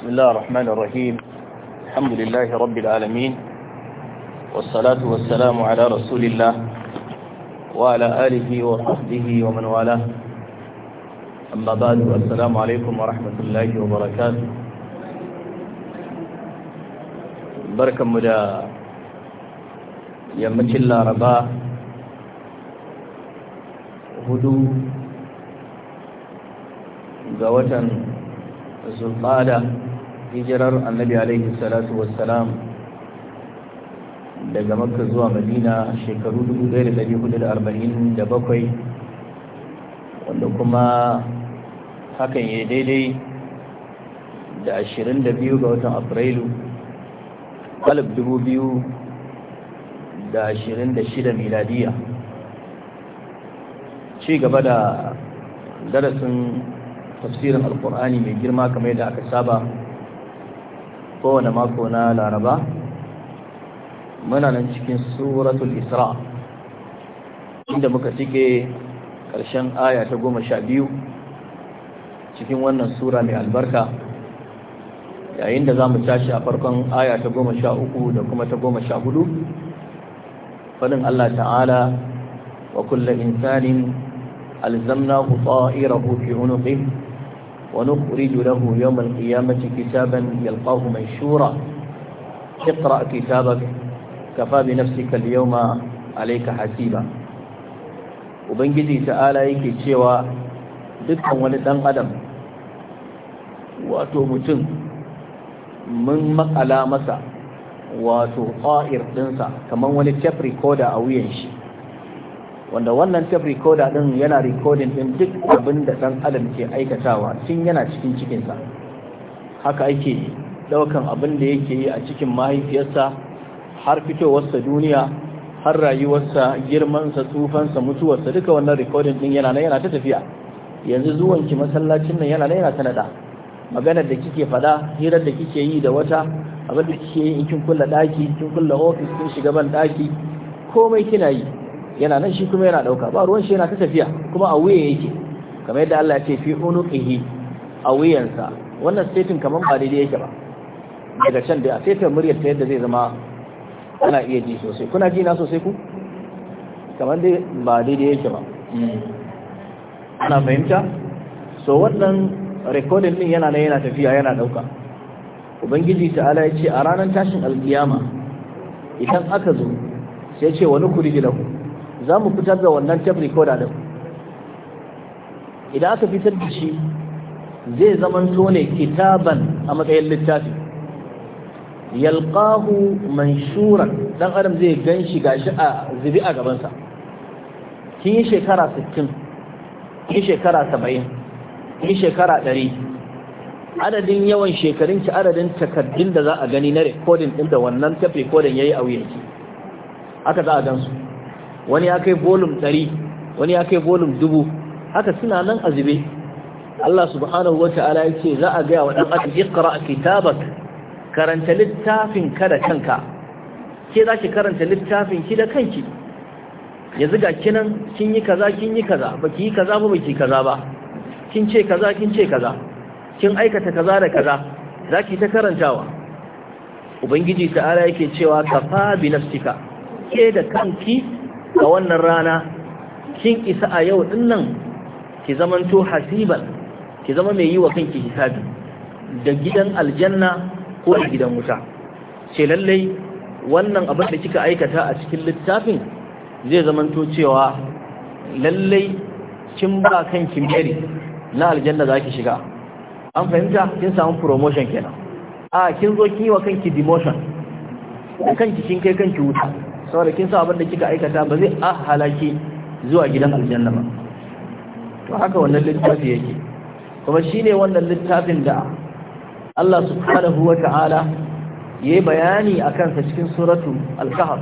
بسم الله الرحمن الرحيم الحمد لله رب العالمين والصلاة والسلام على رسول الله وعلى آله وصحبه ومن والاه أما بعد السلام عليكم ورحمة الله وبركاته بركة مدى يمت الله ربا هدو ga watan zulqada hijirar annabi alaihi salatu wassalam daga makka zuwa madina shekaru 1447 wanda kuma hakan ya daidai da 22 ga watan afrilu 2026 miladiya ci gaba da darasin tafsirin alkur'ani mai girma kamar yadda aka saba kowane mako na laraba muna nan cikin suratul isra inda muka cike ƙarshen aya ta goma sha biyu cikin wannan sura mai albarka yayin da za mu tashi a farkon aya ta goma sha uku da kuma ta goma sha hudu faɗin allah ta'ala wa kulla insanin alzamna ku ta'irahu fi unuqi ونخرج له يوم القيامة كتابا يلقاه منشورا اقرأ كتابك كفى بنفسك اليوم عليك حسيبا وبنجدي تعالى yake cewa dukkan wani ɗan adam wato mutum mun maƙala masa wato ƙa'ir ɗinsa kamar wani tape recorder a wuyan shi wanda wannan tape recorder din yana recording din duk abin da dan adam ke aikatawa tun yana cikin cikinsa haka ake daukan abin da yake yi a cikin mahaifiyarsa har fitowarsa duniya har rayuwarsa girmansa tsufansa mutuwarsa duka wannan recording din yana nan yana ta tafiya yanzu zuwan ki masallacin nan yana nan yana ta nada maganar da kike fada hirar da kike yi da wata abin da kike yi in kin kulla daki kin kulla office kin shiga ban daki komai kina yi yana nan shi kuma yana dauka ba ruwan shi yana ta tafiya kuma a wuya yake kamar yadda Allah ya ce fi unuqihi a wuyansa wannan setin kaman ba daidai yake ba daga can dai, a setin muryar ta yadda zai zama ana iya ji sosai kuna ji na sosai ku kamar dai ba daidai yake ba ana fahimta so wannan recording din yana nan yana tafiya yana dauka ubangiji ta'ala ya ce a ranar tashin alkiyama idan aka zo sai ce wani kuri ku za mu fitar da wannan ko da din idan aka fitar da shi zai zamanto ne kitaban a matsayin littafi yalqahu manshura dan adam zai ganshi gashi a zubi a gabansa kin yi shekara 60 kin shekara 70 kin shekara 100 adadin yawan shekarun ki adadin takaddun da za a gani na recording din da wannan tafi recording yayi a wuyanki haka za a gansu wani ya kai volum ɗari wani ya kai volum dubu haka suna nan a zube Allah subhanahu wa ta'ala ya ce za a gaya wa ɗan ƙara a kitabak karanta littafin ka da kanka ke za ki karanta littafin ki da kanki Ya ziga kinan kin yi kaza kin yi kaza baki yi kaza ba baki kaza ba kin ce kaza kin ce kaza kin aikata kaza da kaza Za ki ta karantawa ubangiji ta'ala yake cewa kafa bi nafsika ke da kanki a wannan rana kin isa a yau din nan ki to hasiban ki zama mai yi wa kanki hisabi da gidan aljanna ko da gidan wuta ce lallai wannan abin da kika aikata a cikin littafin zai to cewa lallai kin ba kanki meri na aljanna za ki shiga an fahimta kin samu promotion kenan a kin zo kin yi wa kanki demotion da kanki kin kai kanki wuta saboda kin sa abin da kika aikata ba zai ahalaki zuwa gidan aljanna ba to haka wannan littafi yake kuma shine wannan littafin da Allah subhanahu wata'ala yayi bayani akan sa cikin suratu al-kahf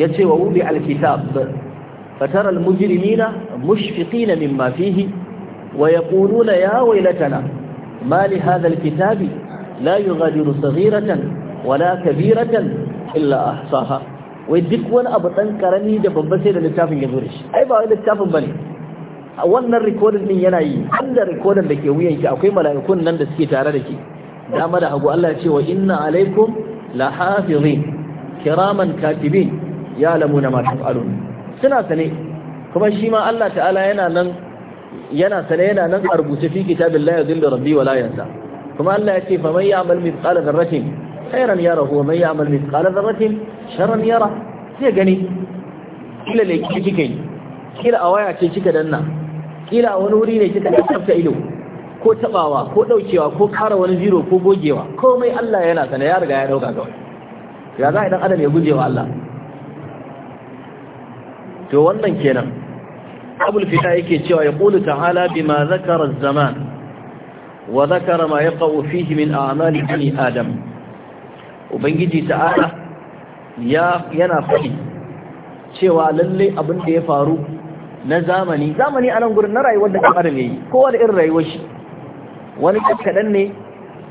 yace wa ubi al-kitab fatara al-mujrimina mushfiqina mimma fihi wa yaquluna ya waylatana ma li hadha al-kitabi la yughadiru saghiratan wala kabiratan illa ahsaha wai duk wani abu ɗan ƙarami da babba sai da littafin ya zo shi ai ba wai littafin ba ne a wannan rikodin ɗin yana yi an rikodin da ke wuyan ki akwai mala'ikun nan da suke tare da ke dama da hagu Allah ya ce wa inna alaikum la hafizin kiraman katibin ya lamuna ma taf'alun suna sane kuma shi ma Allah ta'ala yana nan yana sane yana nan a rubuce fi kitabillahi yadhillu rabbi wa la yansa kuma Allah ya ce faman ya'mal mithqala dharratin khairan yarahu wa man ya'mal mithqala dharratin sharran yara sai gani kila ne kike yi kila a waya ce kika danna kila a wani wuri ne kika tsafta ido ko tabawa ko daukewa ko kara wani zero ko gogewa komai Allah yana sana ya riga ya dauka kawai ya za idan adam ya gujewa Allah to wannan kenan abul fita yake cewa ya qulu ta'ala bima zakara az-zaman wa zakara ma yaqa'u fihi min a'mali bani adam ubangiji ta'ala ya yana faɗi cewa lalle abin da ya faru na zamani zamani a nan gurin na rayuwar da kamar ne yi. kowa da irin rayuwar shi wani kaskadan ne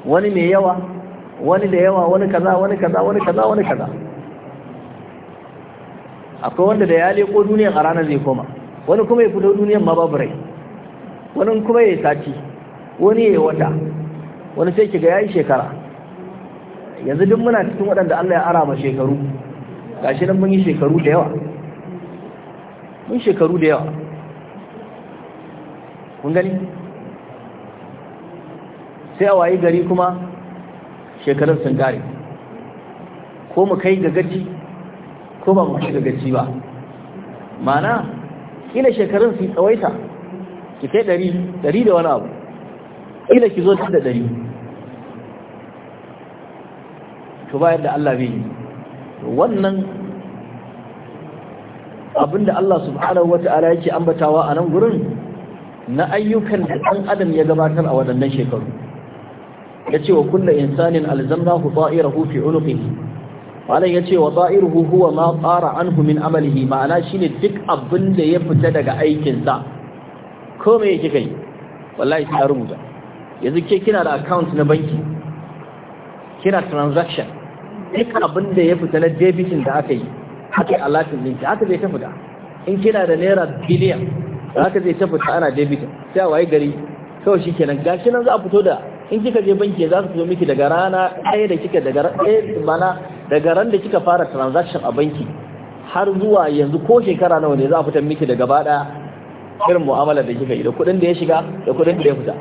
wani mai yawa wani da yawa wani kaza wani kaza wani kaza wani kaza akwai wanda da ya leko duniya a ranar zai koma wani kuma ya fito duniyar ma babu rai wani kuma ya sati wani ya yi wata wani sai kiga ya yi shekara yanzu duk muna cikin waɗanda Allah ya ara ma shekaru gashi nan mun yi shekaru da yawa mun shekaru da yawa kun gani sai a wayi gari kuma shekarun sun gare ko mu kai gagaci ko ba mu kai gagaci ba mana kila shekarun su tsawaita ki kai dari ɗari da wani abu kila ki zo da ɗari to ba yadda Allah bai yi wannan abinda Allah subhanahu wata'ala yake ambatawa a nan gurin na ayyukan da ɗan adam ya gabatar a waɗannan shekaru ya ce wa kulla insanin alzamnahu ta'irahu fi unuqihi malam ya ce wa ta'iruhu huwa ma tsara an min amalihi ma'ana shine duk abin da ya fita daga aikinsa ko mai yake kai wallahi sai rubuta yanzu ke kina da account na banki kina transaction duk abin da ya fita na debitin da aka yi haka a latin linki haka zai ta fita in kina da naira biliyan haka zai ta fita ana debitin sai waye gari kawai shi kenan gashi nan za a fito da in kika je banki za su zo miki daga rana ɗaya da kika daga ɗaya daga ran da kika fara transaction a banki har zuwa yanzu ko shekara nawa ne za a fitar miki da gaba ɗaya irin mu'amala da kika yi da kuɗin da ya shiga da kuɗin da ya fita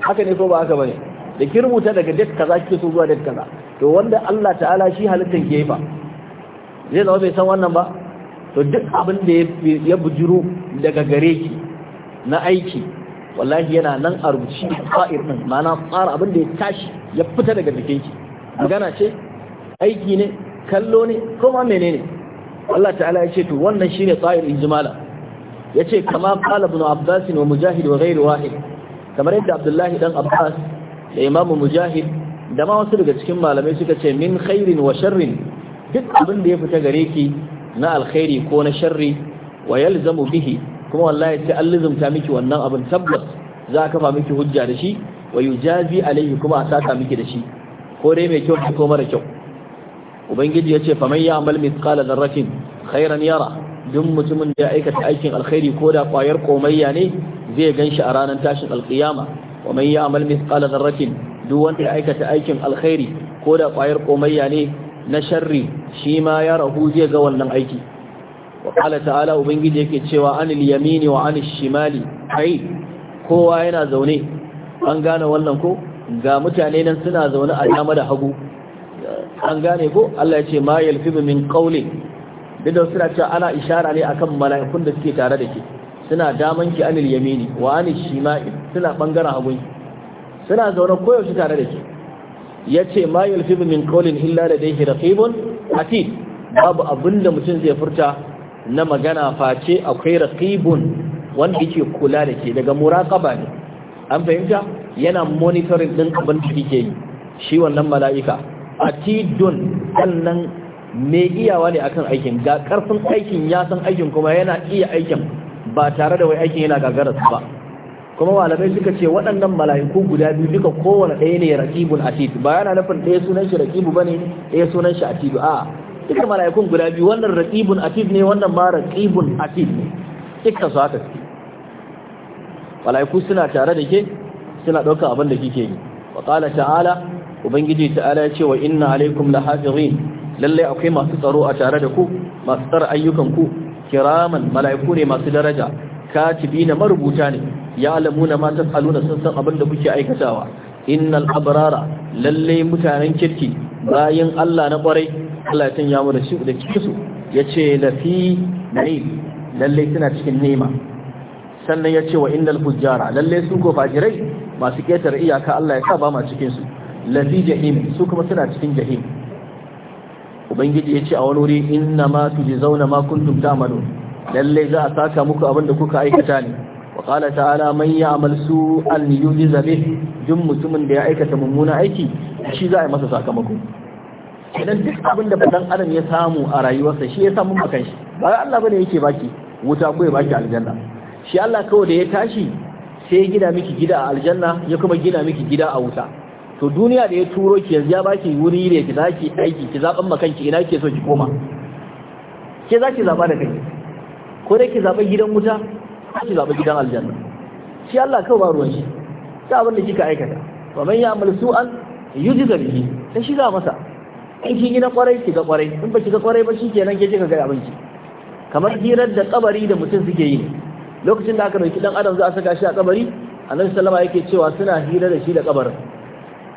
haka ne ko ba haka bane da ki rubuta daga date kaza kike so zuwa date kaza to wanda Allah ta'ala shi halittar ke fa zai zama bai san wannan ba to duk abin da ya bujiro daga gare ki na aiki wallahi yana nan a rubuci fa'ir din ma'ana tsara abin da ya tashi ya fita daga jikin ki magana ce aiki ne kallo ne ko ma menene Allah ta'ala ya ce to wannan shine tsa'ir Ya ce kama qala ibn abbas wa mujahid wa ghayr wahid kamar yadda abdullahi dan abbas da imamu mujahid da ma wasu daga cikin malamai suka ce min khairin wa sharrin duk abin da ya fita gare ki na alkhairi ko na sharri wa yalzamu bihi kuma wallahi sai an lizumta miki wannan abin tabbas za a kafa miki hujja da shi wa yujazi alaihi kuma a saka miki da shi ko dai mai kyau ko mara kyau ubangiji ya ce faman ya'mal mithqala dharratin khairan yara duk mutumin da ya aikata aikin alkhairi ko da kwayar komayya ne zai ganshi a ranar tashin alqiyama wa man ya'mal mithqala dharratin duk wanda ya aikata aikin alkhairi ko da ƙwayar komayya ne na sharri shi ma ya rahu zai ga wannan aiki wa qala ta'ala ubangiji yake cewa anil yamini wa anil shimali ai kowa yana zaune an gane wannan ko ga mutane nan suna zaune a dama da hagu an gane ko Allah ya ce ma yalfibu min qawli da suna cewa ana isharar ne akan mala'ikun da suke tare da ke suna daman ki anil yamini wa anil shimali suna bangaren hagunki suna zaune koyaushe tare da shi ya ce ma yulfibu min da illa ladayhi A atid babu abin da mutum zai furta na magana face akwai rakibun wanda yake kula da ke daga muraqaba ne an fahimta yana monitoring ɗin abin da kike yi shi wannan mala'ika A atidun sannan me iyawa ne akan aikin ga karfin aikin ya san aikin kuma yana iya aikin ba tare da wai aikin yana gagararsa ba kuma malamai suka ce waɗannan mala'iku guda biyu duka kowane ɗaya ne raqibun atid ba yana nufin ɗaya sunan shi raqibu bane ɗaya sunan shi atid a duka mala'ikun guda biyu wannan raqibun atid ne wannan ma raqibun atid ne duka su haka mala'iku suna tare da ke suna ɗaukar abin da kike yi wa qala ta'ala ubangiji ta'ala ya ce wa inna alaikum lahafizin lalle akwai masu tsaro a tare da ku masu tsara ayyukan ku kiraman mala'iku ne masu daraja na marubuta ne Ya ya'lamuna ma taf'aluna sun san abin da kuke aikatawa innal abrara lalle mutanen kirki bayan Allah na kwarai Allah ya sanya mu da shi da cikin su yace la fi na'im lalle suna cikin nema sannan yace wa innal fujjara lalle su ko fajirai masu ketar iyaka Allah ya sa ba ma cikin su la fi jahim su kuma suna cikin jahim ubangiji yace a wani wuri inna ma tujzauna ma kuntum ta'malun lalle za a saka muku abin da kuka aikata ne وقال تعالى من يعمل سوءا يجز به jin mutumin da ya aikata mummuna aiki shi za a yi masa sakamako idan duk abin da dan adam ya samu a rayuwarsa shi ya samu makan shi ba Allah bane yake baki wuta ko ya baki aljanna shi Allah kawai da ya tashi sai ya gina miki gida a aljanna ya kuma gina miki gida a wuta to duniya da ya turo ki yanzu ya baki wuri ne ki zaki aiki ki zaban makan ki ina kike so ki koma ke zaki zaɓa da kai ko dai ki zaɓa gidan wuta ki zaɓi gidan aljanna shi Allah kawai ba ruwan shi sai abin da kika aikata wa man ya'mal su'an yujza bihi sai shi za masa in shi gina kwarai ki ga kwarai in ba ki ga kwarai ba shi kenan ke kika ga abinci kamar hirar da kabari da mutum suke yi lokacin da aka dauki dan adam za a saka shi a kabari annabi sallama yake cewa suna hira da shi da kabarin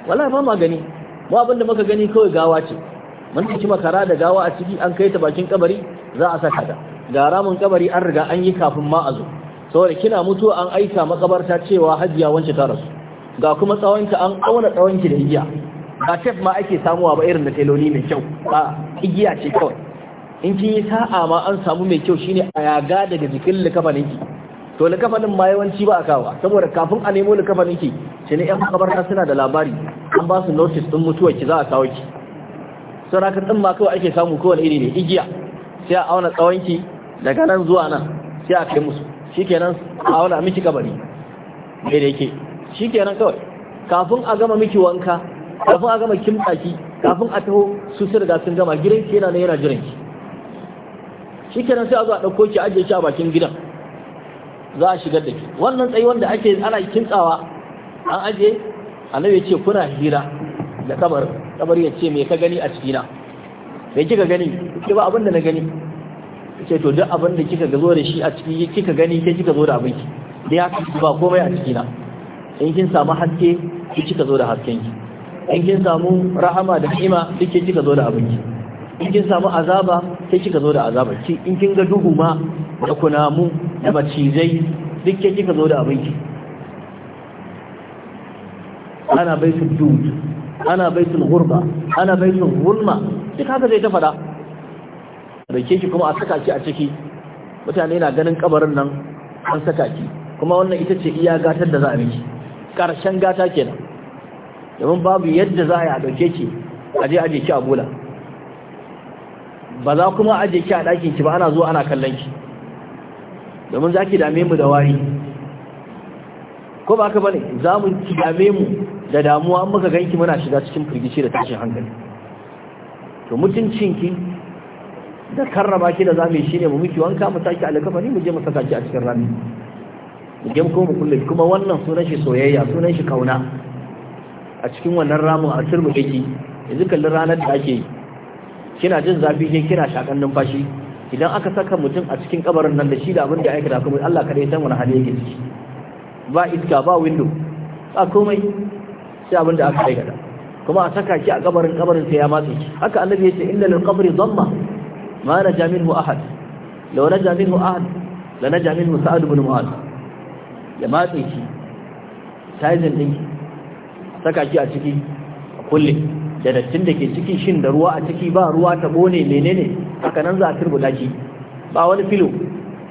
wallahi ba ma gani mu abin da muka gani kawai gawa ce mun ci makara da gawa a ciki an kai ta bakin kabari za a saka ta ga ramin kabari an riga an yi kafin ma a zo saboda kina mutu an aika makabarta cewa hajiya wance ta rasu ga kuma tsawonki an auna tsawonki da igiya ba tef ma ake samuwa ba irin da teloli mai kyau a igiya ce kawai in kin yi sa'a ma an samu mai kyau shine a yaga daga jikin likafaninki to likafanin ma yawanci ba a kawa saboda kafin a nemo likafaninki shi ne yan makabarta suna da labari an ba su notice din mutuwar ki za a kawo ki sarakar din ma kawai ake samu kowane iri ne igiya sai a auna tsawonki daga nan zuwa nan sai a kai musu shikenan a wani miki kabari mai da yake shikenan kawai kafin a gama miki wanka kafin a gama kimta ki kafin a taho su sai riga sun gama gidan ki yana yana jiran ki shikenan sai a zo a dauko ki ajiye shi a bakin gidan za a shigar da ki wannan tsayi wanda ake ana kintsawa an ajiye annabi ya ce kuna hira da kabar kabar ya ce me ka gani a cikina me kika gani ke ba abin da na gani ce to duk abin da kika zo da shi a ciki kika gani ke kika zo da abin ki da ya fi ba komai a ciki na in kin samu haske ki kika zo da hasken ki in kin samu rahama da ni'ima duk kika zo da abin ki in kin samu azaba sai kika zo da azaba ki in kin ga duhu ma da kunamu da macizai duk ke kika zo da abin ki ana baitul dud ana baitul ghurba ana baitul zulma duk haka zai ta fada dauke ki kuma a saka ki a ciki mutane na ganin kabarin nan an saka ki kuma wannan ita ce iya gatar da za a yi karshen gata kenan domin babu yadda za a yi a dauke ki a je aje ki a bola ba za kuma aje ki a ɗakin ki ba ana zuwa ana kallon ki domin za ki dame mu da wari ko ba ka bane za mu ki dame mu da damuwa muka ganki muna shiga cikin firgici da tashin hankali to mutuncinki da karrama shi da zamu shi ne mu miki wanka mu saki alkafani mu je mu saka shi a cikin rami mu je mu kulle kuma wannan sunan shi soyayya sunan shi kauna a cikin wannan ramin a turbu kake yanzu kallon ranar da ake yi kina jin zafi ke kina shakan numfashi idan aka saka mutum a cikin kabarin nan da shi da abin da aikata kuma Allah kadai san wani hali yake ciki ba iska ba window ba komai sai abin da aka aikata kuma a saka ki a kabarin kabarin sai ya matsi haka annabi ya ce inna lil qabri dhamma ما نجا منه أحد لو نجا منه أحد لنجا منه سعد بن معاذ ya matse shi sizing ɗin saka shi a ciki a kulle da dattin da ke cikin shin da ruwa a ciki ba ruwa tabo ne menene haka nan za ba wani filo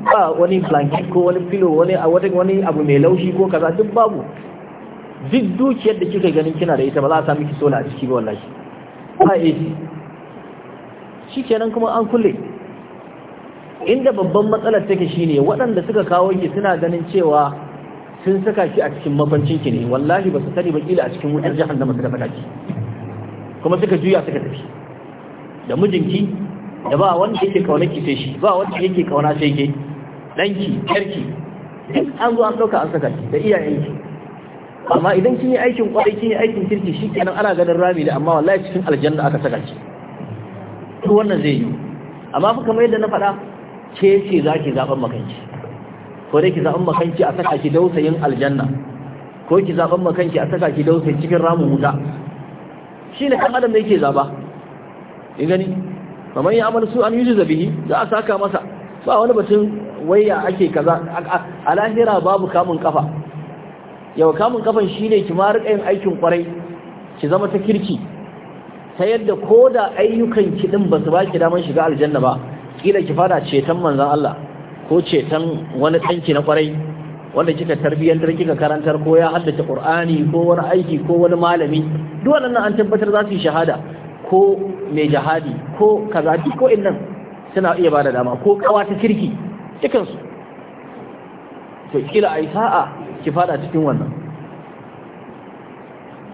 ba wani blanket ko wani filo wani wani abu mai laushi ko kaza duk babu duk dukiyar da kika ganin kina da ita ba za a sami ki sola a ciki ba wallahi ba AC kenan kuma an kulle inda babban matsalar take shine waɗanda suka kawo ki suna ganin cewa sun saka shi a cikin mafancin ki ne wallahi ba su sani ba kila a cikin wutar jahannama suka saka ki kuma suka juya suka tafi da mijinki da ba wanda yake kauna ki sai shi ba wanda yake kauna sai ke danki karki an zo an dauka an saka ki da iyayenki amma idan kin yi aikin kwarai kin yi aikin kirki shi kenan ana ganin rami da amma wallahi cikin aljanna aka saka ki duk wannan zai yi amma fa kamar yadda na faɗa ce ce zaki ki zaɓen makanki ko dai ki zaɓen makanki a saka ki dausayin aljanna ko ki zaɓen makanki a saka ki dausayin cikin ramu wuta shi ne kan adam da yake zaɓa in gani kamar ya amal su an yi zabihi za a saka masa ba wani batun waya ake kaza a lahira babu kamun kafa yau kamun kafan shi ne ki ma riƙa yin aikin kwarai ki zama ta kirki ta yadda ko da ayyukan kiɗin ba su ba ki damar shiga aljanna ba kila ki fara ceton manzan Allah ko ceton wani ɗanki na kwarai wanda kika tarbiyyantar kika karantar ko ya haddace Qur'ani ko wani aiki ko wani malami duk waɗannan an tabbatar za su yi shahada ko mai jihadi ko kaza duk ko innan suna iya bada dama ko kawa ta kirki dukansu to kila ai sa'a ki fada cikin wannan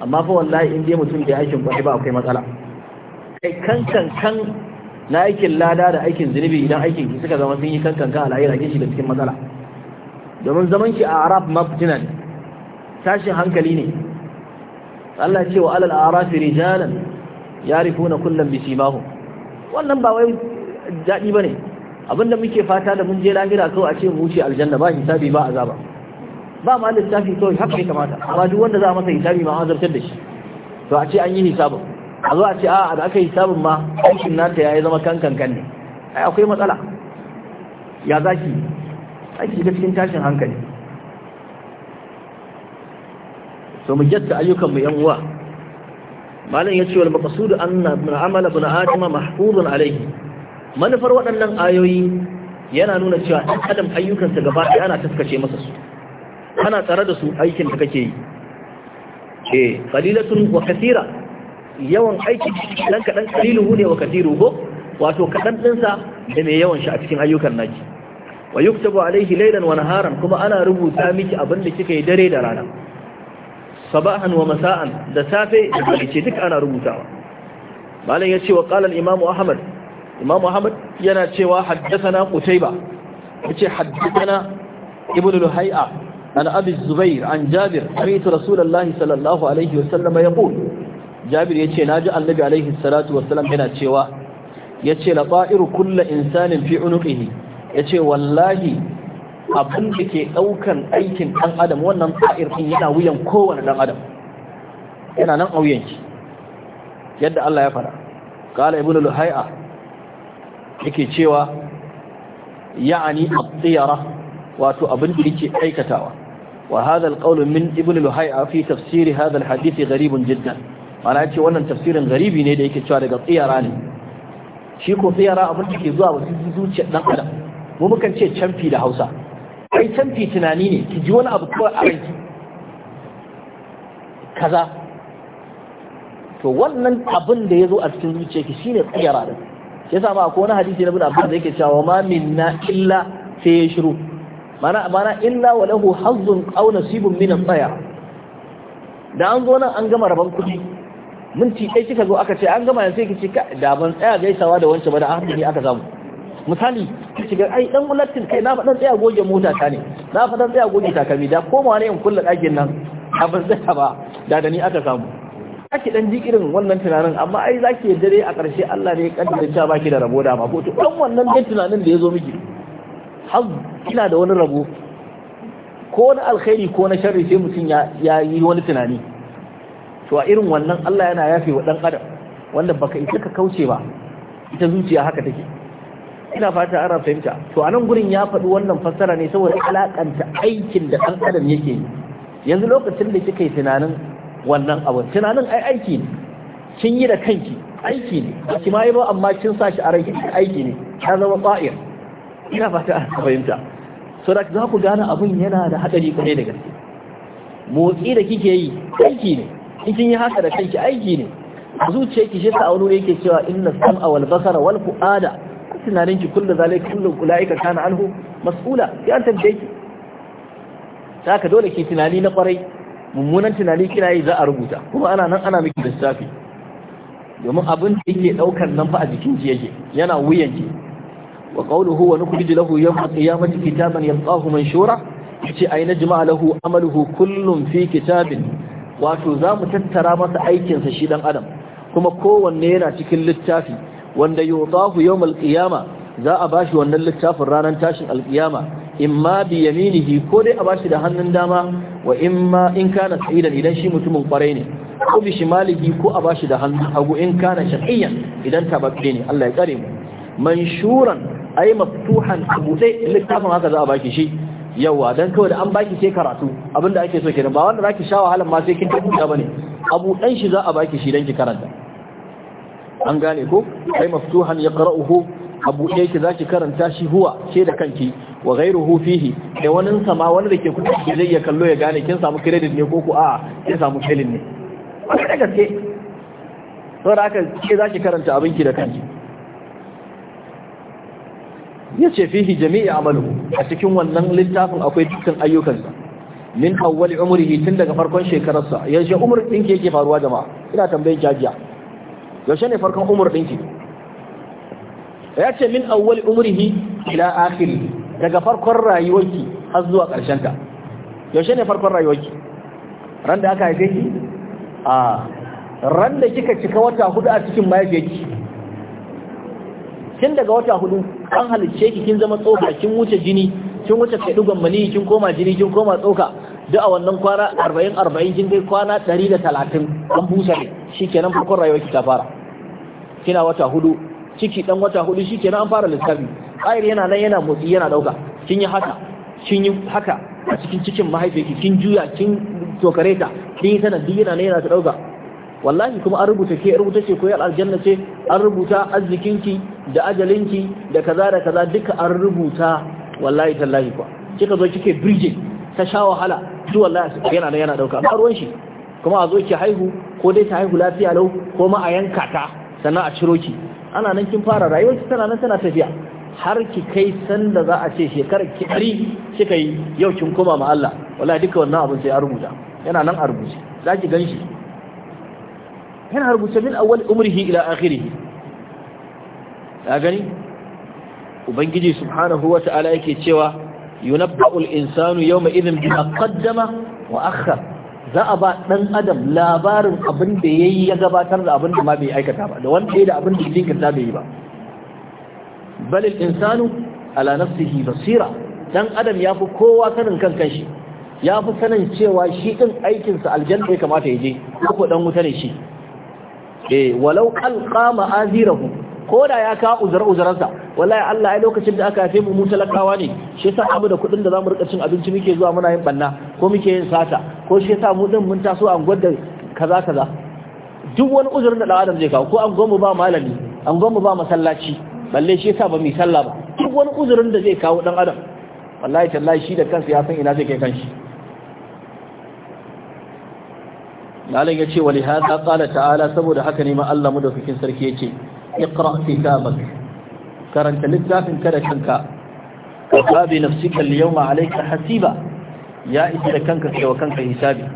amma fa wallahi in dai mutum da aikin kwarai ba akwai matsala kai kan kan kan na aikin lada da aikin zunubi idan aikin suka zama sun yi kan kan kan al'ayyar shi da cikin matsala domin zaman ki a arab ma fitina ne tashin hankali ne Allah ce wa alal arafi rijalan yarifuna kullum bi simahum wannan ba wai daɗi bane abinda muke fata da mun je lahira kawai a ce mu wuce aljanna ba hisabi ba azaba ba ma littafi kawai haka ya kamata amma duk wanda za a masa hisabi ma an zartar da shi to a ce an yi hisabin a zo a ce a da aka yi hisabin ma aikin nata ya yi zama kan kankan ne ai akwai matsala ya zaki aiki da cikin tashin hankali so mu jatta ayyukan mu yan uwa malam yace wal maqsud anna min amala ibn adam mahfuzun alayhi manufar waɗannan ayoyi yana nuna cewa ɗan adam ayyukansa gaba ɗaya ana taskace masa su kana tsare da su aikin da kake yi eh kalilatun wa kathira yawan aiki dan kaɗan qaliluhu ne wa kathiru ko wato kaɗan ɗinsa da mai yawan shi a cikin ayyukan naki wa yuktabu alayhi laylan Wani haram kuma ana rubuta miki abin da kika yi dare da rana sabahan wa masa'an da safe da kalice duk ana rubutawa malam yace wa qala al-imam ahmad imam ahmad yana cewa haddathana qutayba yace na Ibn Luhai'a. عن أبي الزبير عن جابر سمعت رسول الله صلى الله عليه وسلم يقول جابر يتشي ناجع النبي عليه الصلاة والسلام هنا تشيوا يتشي لطائر كل إنسان في عنقه يتشي والله abin da ke ɗaukan aikin ɗan adam wannan ta'ir yana wuyan kowane ɗan adam yana nan a wuyan yadda Allah ya fara kala ibn luhai'a yake cewa ya'ani a wato abin yake aikatawa وهذا القول من ابن لهيعة في تفسير هذا الحديث غريب جدا ana ce wannan tafsirin garibi ne da yake cewa daga tsiyara ne shi ko tsiyara abin da ke zuwa wa zuciyar dan adam mu mukan ce canfi da hausa kai canfi tunani ne ki ji wani abu kawai a ranki kaza to wannan abin da ya zo a cikin zuciyarki shine ba wani hadisi na bin abbas da yake cewa ma minna illa sai ya shiru mana mana illa wa lahu hazzun aw nasibun min al-baya da an zo nan an gama rabon kudi, minti ɗaya kika zo aka ce an gama yanzu sai kici da ban tsaya gaisawa da wancan ba da ahadi aka samu misali kici ga ai dan ulattin kai na fa dan tsaya goge mota ta ne na fa dan tsaya goge takami da koma ne in kulla ɗakin nan a ban tsaya ba da da ni aka samu ake dan ji irin wannan tunanin amma ai zaki dare a ƙarshe Allah ne ya kaddara ba baki da rabo da ba, ko to dan wannan dan tunanin da ya zo miki har ina da wani rabo ko na alkhairi ko na sharri sai mutum ya yi wani tunani to a irin wannan Allah yana yafe wa dan adam wanda baka ita ka kauce ba ita zuciya haka take ina fata ana fahimta to a nan gurin ya faɗi wannan fassara ne saboda alakanta aikin da dan adam yake yi yanzu lokacin da kika yi tunanin wannan abu tunanin ai aiki ne kin yi da kanki aiki ne ba ki yi ba amma kin sa shi a rai aiki ne ya zama tsa'ir ina fata an fahimta so da za ku gane abin yana da hadari ne da gaske motsi da kike yi aiki ne in kin yi haka da kanki aiki ne zuciya ki shi ta auno yake cewa inna sam'a wal basara wal fuada tunanin ki kullu zalika kullu ulaika kana anhu mas'ula ya tabbe ki saka dole ki tunani na kwarai mummunan tunani kina yi za a rubuta kuma ana nan ana miki lissafi domin abin da yake daukar nan fa a jikin ji yake yana wuyan ki وقوله ونخرج له يوم القيامة كتابا يلقاه منشورا أي نجمع له عمله كل في كتاب وتزام تترى مس أيكن سشيدا أدم كما كون نينا تكل التافي وان يعطاه يوم القيامة ذا أباش وان التاف رانا تاشن القيامة إما بيمينه كودي أباش دهن داما وإما إن كان سعيدا إذا شي متم قريني ko bi shimalihi ko a bashi da hannu hagu in kana shar'iyyan idan tababbe ne Allah ya kare mu manshuran ai mafutuhan abuɗe littafin haka za a baki shi yawa dan kawai da an baki sai karatu abinda ake so kenan ba wanda zaki sha wahalan ma sai kin tabbata bane abu dan shi za a baki shi dan ki karanta an gane ko ai maftuhan yaqra'uhu abu ɗaya ki zaki karanta shi huwa ke da kanki wa ghairuhu fihi da wani sama wani da ke kuka ki zai ya kallo ya gane kin samu credit ne ko ku a kin samu filin ne wani da gaske saboda ce za zaki karanta abinki da kanki ya ce fihi jami'i amalu a cikin wannan littafin akwai dukkan ayyukansa min awwali umrihi tun daga farkon shekararsa yaushe umur ɗinki yake faruwa jama'a ina tambayin jajiya yaushe ne farkon umur ɗinki ya ce min awwali umrihi ila akhiri daga farkon rayuwarki har zuwa ƙarshen ta yaushe ne farkon rayuwarki ran da aka haife ki a ran da kika cika wata hudu a cikin mahaifiyarki tun daga wata hudu an halicce ki kin zama tsoka kin wuce jini kin wuce kai dugan mani kin koma jini kin koma tsoka duk a wannan kwana 40 40 kin kai kwana 130 an busa ne shikenan farkon rayuwar ki ta fara kina wata hudu ciki dan wata hudu shikenan an fara lissafi ƙayar yana nan yana motsi yana dauka kin yi haka kin yi haka a cikin cikin mahaifiyarki kin juya kin tokareta ta kin yi sanar duk yana nan yana ta dauka wallahi kuma an rubuta ke rubuta ce ko ya aljanna ce an rubuta arzikinki da ajalinki da kaza da kaza duka an rubuta wallahi tallahi kuwa kika zo kike birge ta sha wahala duk wallahi yana nan yana dauka amma ruwan shi kuma a zo ki haihu ko dai ta haihu lafiya lau ko ma a yanka ta sannan a ciro ki ana nan kin fara rayuwar ki tana nan tana tafiya har ki kai sanda za a ce shekarar ki ɗari kika yi yau kin koma ma Allah wallahi duka wannan abin sai an rubuta yana nan a rubuce za ki gan shi yana rubuce min awwal umrihi ila akhirihi ka gani ubangiji subhanahu wa ta'ala yake cewa yunabba'u insanu yau mai bima qaddama wa za'a za a ba ɗan adam labarin abin da yi ya gabatar da abin da ma bai aikata ba da wanda yayi da abin da jinkirta bai yi ba bal insanu ala nafsihi basira ɗan adam yafi kowa sanin kan kanshi fi sanin cewa shi ɗin aikinsa sa aljanna ya kamata ya je ko ɗan wuta ne shi eh walau alqa ma'azirahu ko da ya ka uzur uzuransa wallahi Allah ai lokacin da aka haife mu mu ne shi yasa abu da kudin da zamu rika cin abinci muke zuwa muna yin banna ko muke yin sata ko shi yasa mu din mun taso an gwada kaza kaza duk wani uzurin da adam zai kawo ko an mu ba malami an mu ba masallaci balle shi yasa ba mu sallah ba duk wani uzurin da zai kawo dan adam wallahi tallahi shi da kansa ya san ina zai kai kanshi malam yace wa lihada qala ta'ala saboda haka ne ma Allah madaukakin sarki yace iqra kitabak karanta littafin da kanka ka bi nafsika al-yawma alayka hasiba ya isa kanka wa kanka hisabi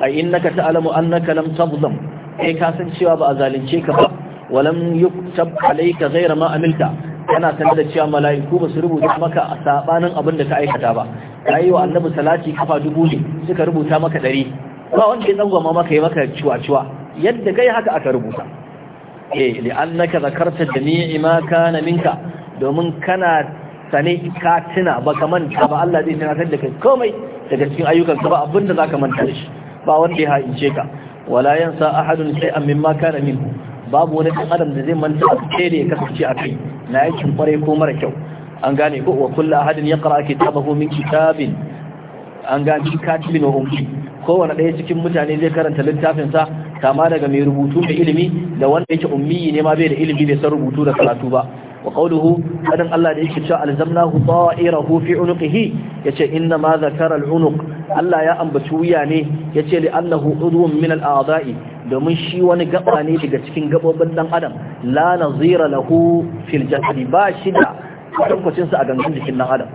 ai innaka ta'lamu annaka lam tadhlam kai ka san cewa ba a zalunce ka ba walam yuktab alayka ghayra ma amilta kana sanar da cewa mala'iku ba su rubuta maka a sabanin abin da ka aikata ba kai wa annabi salati kafa dubu ne suka rubuta maka ɗari. ba wanda ya tsangwama maka yi maka cuwa cuwa yadda kai haka aka rubuta eh li'annaka zakarta jami'i ma kana minka domin kana sane ka tuna ba ka manta ba Allah zai tunatar da kai komai daga cikin ayyukan ka ba za ka manta da shi ba wanda ya haince ka wala yansa ahadun shay'an mimma kana minhu babu wani dan adam da zai manta sai da ya kasance a kai na aikin kware ko mara kyau an gane ko wa ya ahadin ake kitabahu min kitabin an gane katibin wa ummi kowane ɗaya cikin mutane zai karanta littafinsa kama daga mai rubutu mai ilimi da wanda yake ummiyi ne ma bai da ilimi bai san rubutu da karatu ba wa qawluhu kadan Allah da yake cewa alzamnahu ta'irahu fi unuqihi yace inna ma zakara al-unuq Allah ya ambaci wuya ne yace li annahu udwun min al-a'dha'i domin shi wani gaba ne daga cikin gabobin dan adam la nazira lahu fil jasadi ba shi da kwatankwacin a gangan jikin dan adam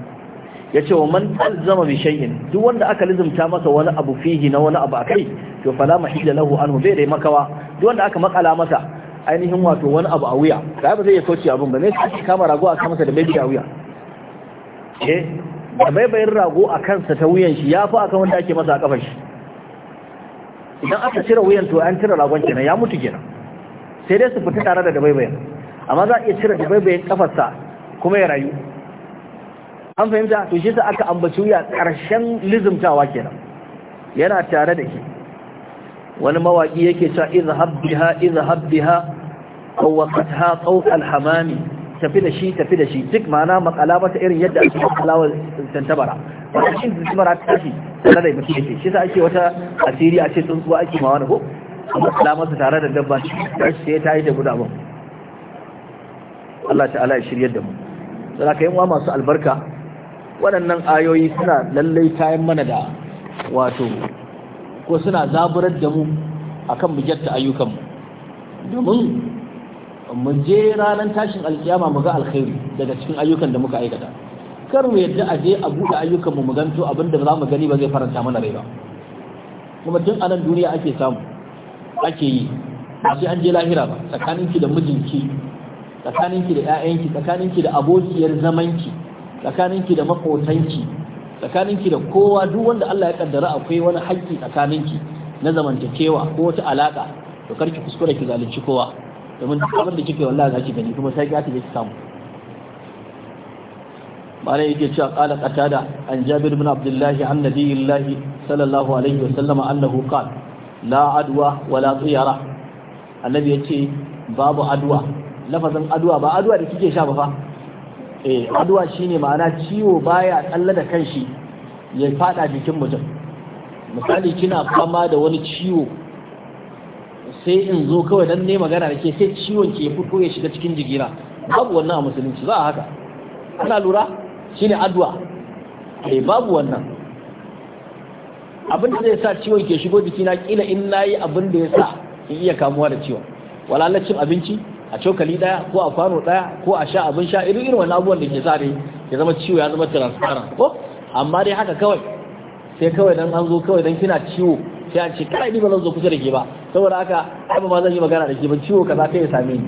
Ya ce wa man zama bi shay'in duk wanda aka lizumta masa wani abu fihi na wani abu akai to fala mahilla lahu anhu bai dai makawa duk wanda aka makala masa ainihin wato wani abu a wuya da ba zai soci abun ba ne sai kama rago a masa da bai a wuya eh da bai bayin rago a kansa ta wuyan shi ya yafi akan wanda ake masa a kafar shi idan aka cire wuyan to an cire ragon kenan ya mutu kenan sai dai su fita tare da dabaibayin amma za a iya cire dabaibayin kafarsa kuma ya rayu an fahimta to shi sa aka ambaci wuya ƙarshen lizumtawa kenan yana tare da ke wani mawaƙi yake cewa izhab biha izhab biha qawwaqatha qawq al-hamami tafi da shi tafi da shi duk ma'ana makala mata irin yadda ake makalawar tantabara wata shi tantabara ta tafi tare da mutum yake shi sa ake wata asiri a ce tsuntsuwa ake ma wani ko makala masa tare da dabba sai ta yi da guda ba Allah ta'ala ya shirya da mu. ka yi wa masu albarka waɗannan ayoyi suna lallai tayan mana da wato ko suna zaburar da mu akan mu bujatta ayyukanmu domin mu je ranar tashin alkiyama mu ga alkhairi daga cikin ayyukan da muka aikata kar mu yadda a je a buɗe ayyukanmu mu ganto abin da za mu gani ba zai faranta mana rai ba kuma tun anan duniya ake samu ake yi ba sai an je lahira ba tsakaninki da mijinki tsakaninki da 'ya'yanki tsakaninki da abokiyar zamanki tsakaninki da makotanki tsakaninki da kowa duk wanda Allah ya kaddara akwai wani haƙƙi tsakaninki na zamantakewa ko wata alaka to karki kuskure ki zalunci kowa domin duk abin da kike wallahi zaki gani kuma sai ki ki samu malai yake cewa qala qatada an jabir ibn abdullahi an nabiyillahi sallallahu alaihi wa sallama annahu qala la adwa wala tiyara annabi yace babu adwa lafazin adwa ba adwa da kike sha ba fa eh aduwa shine ma'ana ciwo baya kalla da kanshi ya fada jikin mutum misali kina fama da wani ciwo sai in zo kawai dan ne magana da ke sai ciwon ke fito ya shiga cikin jigira babu wannan a musulunci za a haka ana lura shine addu'a eh babu wannan abin da zai sa ciwon ke shigo jikina kila in nayi abin da ya sa in iya kamuwa da ciwon wala cin abinci a cokali daya ko a kwano daya ko a sha abin sha irin irin wannan abubuwan da ke sa ya zama ciwo ya zama transparent ko amma dai haka kawai sai kawai dan an zo kawai dan kina ciwo sai an ce kai ni ba zan zo kusa da ke ba saboda haka ai ba ma zan yi magana da ke ba ciwo kaza kai ya same ni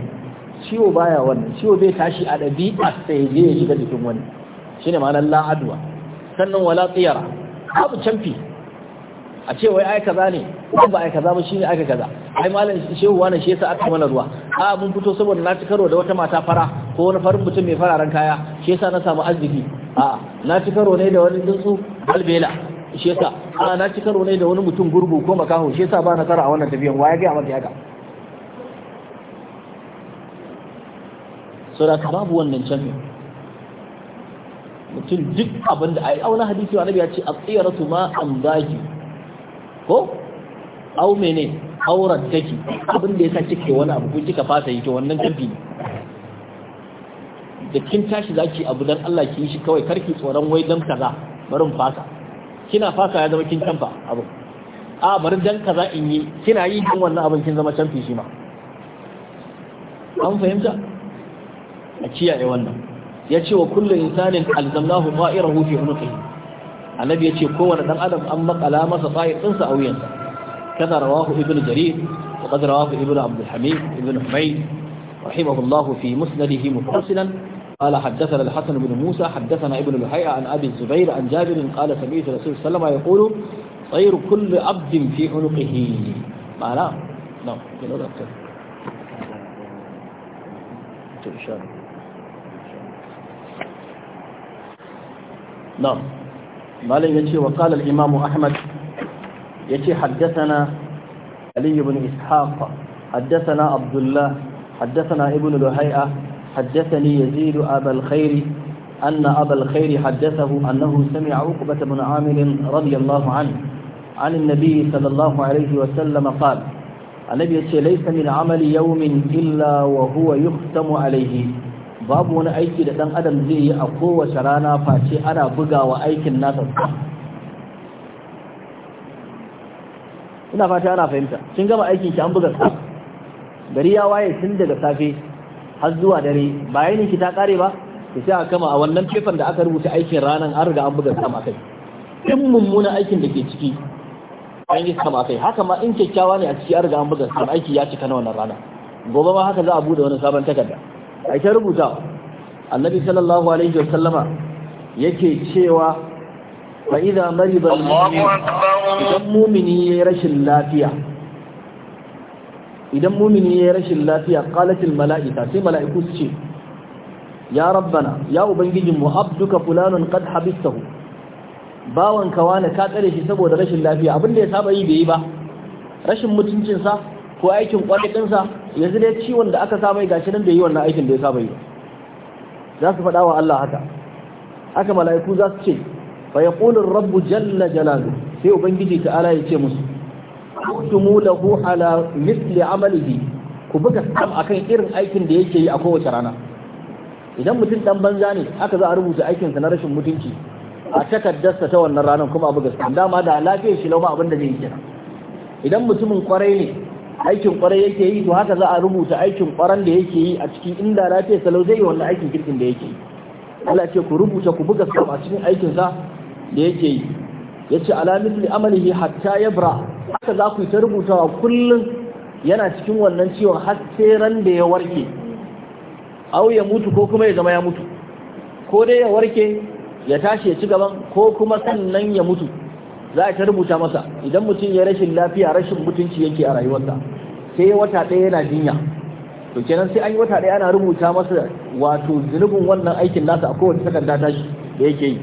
ciwo baya wannan ciwo bai tashi a dabi'a sai je ya shiga jikin wani shine ma'anar la'adwa sannan wala tsiyara abu canfi a ce wai ai kaza ne ko ba ai kaza ba shine aka kaza ai malam shehu wannan shi yasa aka mana ruwa a mun fito saboda na ci karo da wata mata fara ko wani farin mutum mai fararen kaya shi yasa na samu arziki a na ci karo ne da wani dinsu albela shi yasa a na ci karo ne da wani mutum gurgu ko makaho shi yasa ba na tsara a wannan tafiyan wa ya ga maka haka saboda babu wannan can mutum duk abin da ai auna hadisi nabi ya ce a tsira ma an baji ko au mene auren take abin da yasa kike wani abu ko kika fasa yi to wannan tafi da kin tashi zaki abu dan Allah ki yi shi kawai karki tsoron wai dan kaza barin fasa kina fasa ya zama kin canfa abu a bari dan kaza in yi kina yi kin wannan abin kin zama canfi shi ma an fahimta a kiyaye wannan ya ce wa kullum insanin alzamnahu ma'irahu fi unuqihi annabi yace kowanne dan adam an makala masa tsayir sa a sa kaza rawahu ibnu jarir wa kaza rawahu ibnu abdul hamid ibnu humayd rahimahullahu fi musnadihi mutarsilan قال حدثنا الحسن بن موسى حدثنا ابن لحية عن أبي الزبير عن جابر قال سمعت رسول الله صلى الله عليه وسلم يقول طير كل عبد في عنقه معناه نعم كده ده نعم malam ya ce wa al-imam ahmad ce haddathana ali bin ishaq haddathana abdullah haddathana ibn luhai'a haddathani yazid abal al-khair أن أبا الخير حدثه أنه سمع عقبة بن عامر رضي الله عنه عن النبي صلى الله عليه وسلم قال النبي ليس من عمل يوم إلا وهو يختم عليه babu wani aiki da dan adam zai yi a kowace rana face ana bugawa aikin nasa ina fata ana fahimta kin gama aikin ki an buga ka gari ya waye tun daga safe har zuwa dare bayan ki ta kare ba ki sai aka kama a wannan kefan da aka rubuta aikin ranan an riga an buga ka ma kai in mummuna aikin da ke ciki an yi kama kai haka ma in kyakkyawa ne a ciki an riga an buga ka aiki ya cika na wannan rana gobe ma haka za a bude wani sabon takarda A ta rubuta annabi sallallahu alaihi wasallama yake cewa fa idza idan mumini yayi rashin lafiya idan mumini rashin lafiya qalatil malaika sai malaiku su ce ya rabbana ya mu abduka fulanun qad habistahu bawan kawana ka tsare shi saboda rashin lafiya abin da ya saba yi bai yi ba rashin mutuncinsa ko aikin kwalle ɗinsa yanzu dai ciwon da aka samai gashi nan da yi wannan aikin da ya saba yi za su faɗa wa Allah haka haka mala'iku za su ce fa yaqulu rabbu jalla jalalu sai ubangiji ala ya ce musu kutumu lahu ala misli amalihi ku buga sam akan irin aikin da yake yi a kowace rana idan mutum dan banza ne aka za a rubuta aikinsa na rashin mutunci a takaddarsa ta wannan ranar kuma abu gaskiya dama da lafiyar shi lauma abin da zai yi kenan idan mutumin kwarai ne aikin kwarai yake yi to haka za a rubuta aikin kwaran da yake yi a cikin inda lafiya salau zai yi wannan aikin girkin da yake yi Allah ce ku rubuta ku buga sam a cikin aikin sa da yake yi Ya yace ala mithli amalihi hatta yabra haka za ku yi ta rubutawa kullum yana cikin wannan ciwon hasseran da ya warke au ya mutu ko kuma ya zama ya mutu ko dai ya warke ya tashi ya ci gaban ko kuma sannan ya mutu za a ta rubuta masa idan mutum ya rashin lafiya rashin mutunci yake a rayuwarsa sai wata ɗaya yana jinya to kenan sai an yi wata ɗaya ana rubuta masa wato zunubin wannan aikin nasa a kowace takarda ta shi da yake yi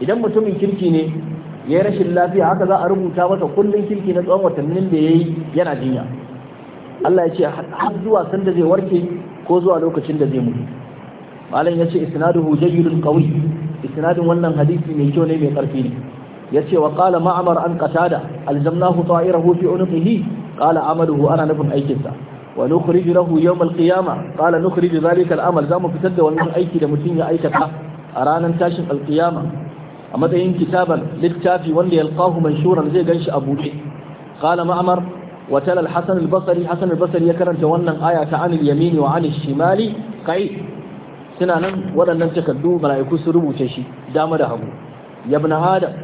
idan mutumin kirki ne ya yi rashin lafiya haka za a rubuta masa kullum kirki na tsawon watannin da ya yi yana jinya Allah ya ce har zuwa sanda zai warke ko zuwa lokacin da zai mutu malam ya ce isnaduhu jayyidun qawi isnadin wannan hadisi mai kyau ne mai karfi ne yace wa qala ma'mar an qatada aljamnahu ta'irahu fi unqihi qala amaluhu ana nufin aikinsa wa nukhrij lahu yawm alqiyama qala nukhrij zalika al'amal zamu fitar da wannan aiki da mutum ya aikata a ranar tashin alqiyama a matsayin kitaban littafi wanda yalqahu manshuran zai ganshi a buɗe qala ma'mar wa tala al-hasan al-basri hasan hasan ya karanta wannan aya ta anil yamini wa anil shimali kai suna nan waɗannan takaddu mala'iku su rubuce shi dama da hagu yabna adam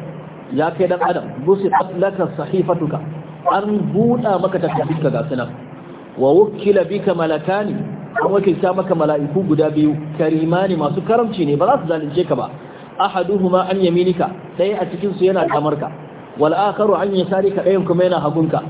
ya kai dan adam busitat laka sahifatuka an buɗa maka takadduka ga sunan wa wukkila bika malakani an wakilta maka mala'iku guda biyu karimani masu karamci ne ba za su zalunce ka ba ahaduhuma an yaminika sai a cikin su yana damarka wal akharu an yasarika ɗayan kuma yana hagunka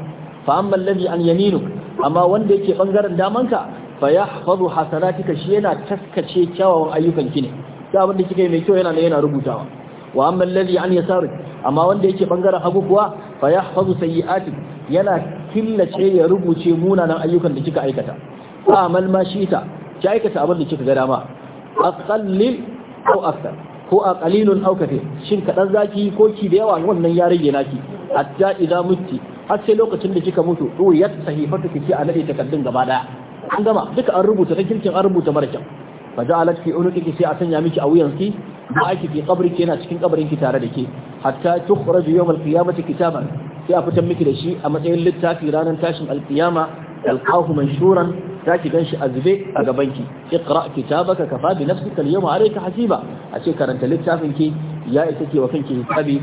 fa amma allazi an yaminu amma wanda yake bangaren damanka fa yahfazu hasanatika shi yana taskace kyawawan ayyukan ki ne da abin da kike mai kyau yana ne yana rubutawa wa amma alladhi an yasarik amma wanda yake bangaren hagu kuwa fa yahfazu sayyi'atik yana killace ya rubuce munanan ayyukan da kika aikata amal ma shita ki aikata abin da kika ga dama aqallil aw akthar ko a aw kathir shin kadan zaki ko ki da yawa wannan ya rage naki hatta idza mutti har sai lokacin da kika mutu ruwayat sahifatu kike a nade takaddun gaba daya an gama duka an rubuta ta kirkin an rubuta mara kyau fa ja'alat fi unuqiki sai a sanya miki a wuyanki ma'aki fi qabriki yana cikin kabarin ki tare da ke hatta tukhraju yawm al-qiyamati kitaban sai a fitar miki da shi a matsayin littafi ranar tashin al-qiyama alqahu manshuran za ki ganshi a zube a gabanki iqra kitabaka kafa bi nafsika al alayka hasiba a ce karanta littafin ki ya isa ke wa kanki hisabi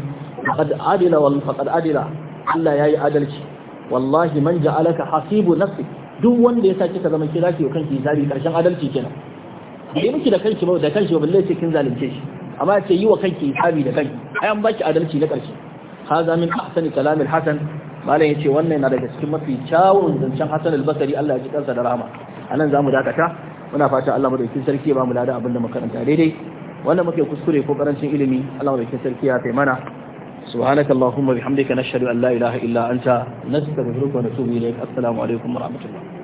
faqad adila wal faqad adila Allah yayi adalci wallahi man ja'alaka hasibu nafsik duk wanda ya kika zama kira ki wa kanki hisabi karshen adalci kenan da yi miki da kanki ba da kanki ba balle sai kin zalunce shi amma ce yi wa kanki hisabi da kanki ai an baki adalci na karshe haza min ahsani kalamil hasan malam yace wannan yana daga cikin mafi kyawun zancen hasan al-basri Allah ya ji kansa da rahama anan zamu dakata muna fata Allah madaukakin sarki ya ba mu lada abin da makaranta daidai wannan muke kuskure ko karancin ilimi Allah madaukakin sarki ya kai mana سبحانك اللهم وبحمدك نشهد أن لا إله إلا أنت نستغفرك ونتوب إليك السلام عليكم ورحمة الله